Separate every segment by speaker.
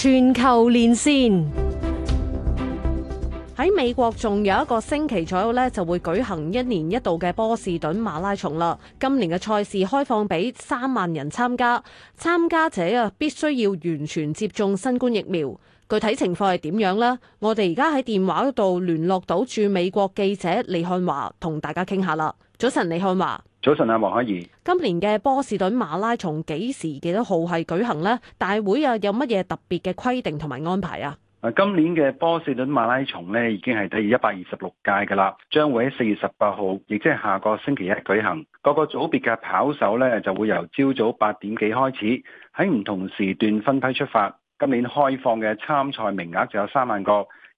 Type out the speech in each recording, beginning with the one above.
Speaker 1: 全球連線喺美國，仲有一個星期左右呢，就會舉行一年一度嘅波士頓馬拉松啦。今年嘅賽事開放俾三萬人參加，參加者啊必須要完全接種新冠疫苗。具體情況係點樣呢？我哋而家喺電話度聯絡到駐美國記者李漢華，同大家傾下啦。早晨，李漢華。
Speaker 2: 早晨啊，黃凱宜。
Speaker 1: 今年嘅波士頓馬拉松幾時幾多號係舉行呢？大會又有乜嘢特別嘅規定同埋安排
Speaker 2: 啊？今年嘅波士頓馬拉松呢，已經係第一百二十六屆噶啦，將會喺四月十八號，亦即係下個星期一舉行。各個組別嘅跑手呢，就會由朝早八點幾開始，喺唔同時段分批出發。今年開放嘅參賽名額就有三萬個，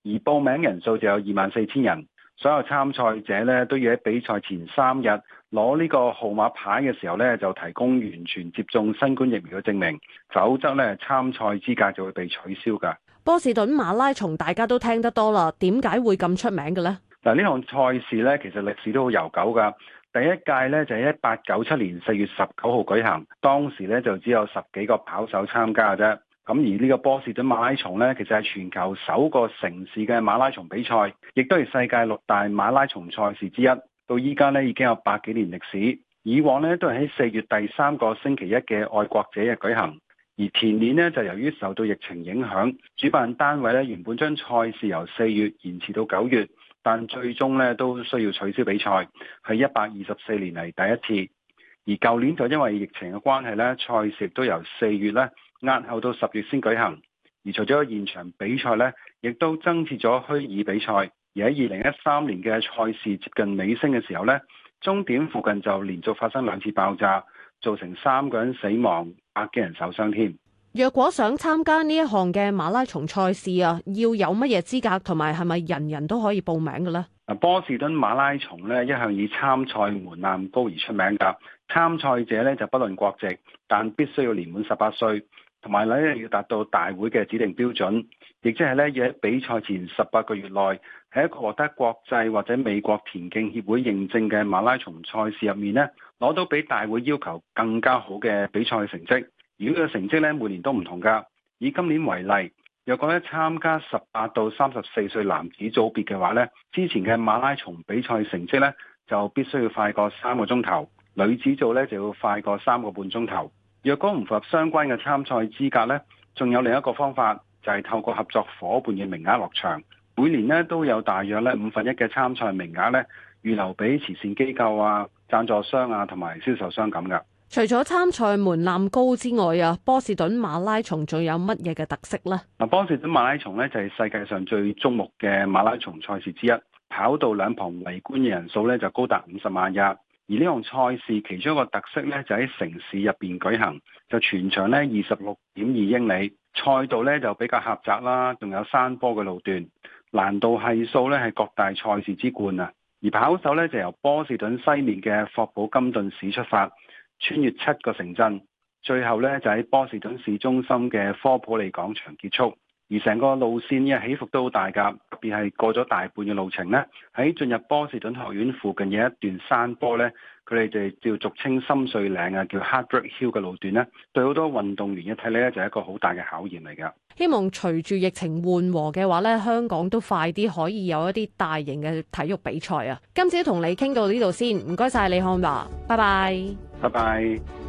Speaker 2: 而報名人數就有二萬四千人。所有參賽者呢都要喺比賽前三日攞呢個號碼牌嘅時候呢就提供完全接種新冠疫苗嘅證明，否則呢參賽資格就會被取消㗎。
Speaker 1: 波士頓馬拉松大家都聽得多啦，點解會咁出名嘅呢？
Speaker 2: 嗱，呢項賽事呢，其實歷史都好悠久㗎。第一屆呢，就係一八九七年四月十九號舉行，當時呢，就只有十幾個跑手參加嘅啫。咁而呢個波士頓馬拉松呢，其實係全球首個城市嘅馬拉松比賽，亦都係世界六大馬拉松賽事之一。到依家呢，已經有百幾年歷史。以往呢，都係喺四月第三個星期一嘅愛國者日舉行。而前年呢，就由於受到疫情影響，主辦單位呢原本將賽事由四月延遲到九月，但最終呢都需要取消比賽，係一百二十四年嚟第一次。而舊年就因為疫情嘅關係呢，賽事亦都由四月呢，押後到十月先舉行，而除咗現場比賽呢，亦都增設咗虛擬比賽。而喺二零一三年嘅賽事接近尾聲嘅時候呢，終點附近就連續發生兩次爆炸，造成三個人死亡、百幾人受傷添。
Speaker 1: 若果想參加呢一項嘅馬拉松賽事啊，要有乜嘢資格同埋係咪人人都可以報名嘅
Speaker 2: 呢？波士頓馬拉松呢一向以參賽門檻高而出名㗎。參賽者呢就不論國籍，但必須要年滿十八歲。同埋咧，要達到大會嘅指定標準，亦即係咧，要喺比賽前十八個月內，喺一個獲得國際或者美國田徑協會認證嘅馬拉松賽事入面咧，攞到比大會要求更加好嘅比賽成績。如果個成績咧，每年都唔同㗎。以今年為例，若果咧參加十八到三十四歲男子組別嘅話咧，之前嘅馬拉松比賽成績咧，就必須要快過三個鐘頭，女子組咧就要快過三個半鐘頭。若果唔符合相關嘅參賽資格呢，仲有另一個方法就係透過合作伙伴嘅名額落場。每年咧都有大約咧五分一嘅參賽名額呢，預留俾慈善機構啊、贊助商啊同埋銷售商咁噶。
Speaker 1: 除咗參賽門檻高之外啊，波士頓馬拉松仲有乜嘢嘅特色呢？
Speaker 2: 嗱，波士頓馬拉松呢，就係世界上最矚目嘅馬拉松賽事之一，跑道兩旁圍觀嘅人數呢，就高達五十萬人。而呢項賽事其中一個特色咧，就喺城市入邊舉行，就全長呢二十六點二英里，賽道咧就比較狹窄啦，仲有山坡嘅路段，難度係數咧係各大賽事之冠啊！而跑手咧就由波士頓西面嘅霍普金頓市出發，穿越七個城鎮，最後咧就喺波士頓市中心嘅科普利廣場結束。而成個路線嘅起伏都好大㗎，特別係過咗大半嘅路程呢，喺進入波士頓學院附近，有一段山坡呢，佢哋就叫俗稱深水嶺啊，叫 Heartbreak Hill 嘅路段呢，對好多運動員一睇呢就係一個好大嘅考驗嚟㗎。
Speaker 1: 希望隨住疫情緩和嘅話呢，香港都快啲可以有一啲大型嘅體育比賽啊！今朝同你傾到呢度先，唔該晒。李漢華，拜拜，
Speaker 2: 拜拜。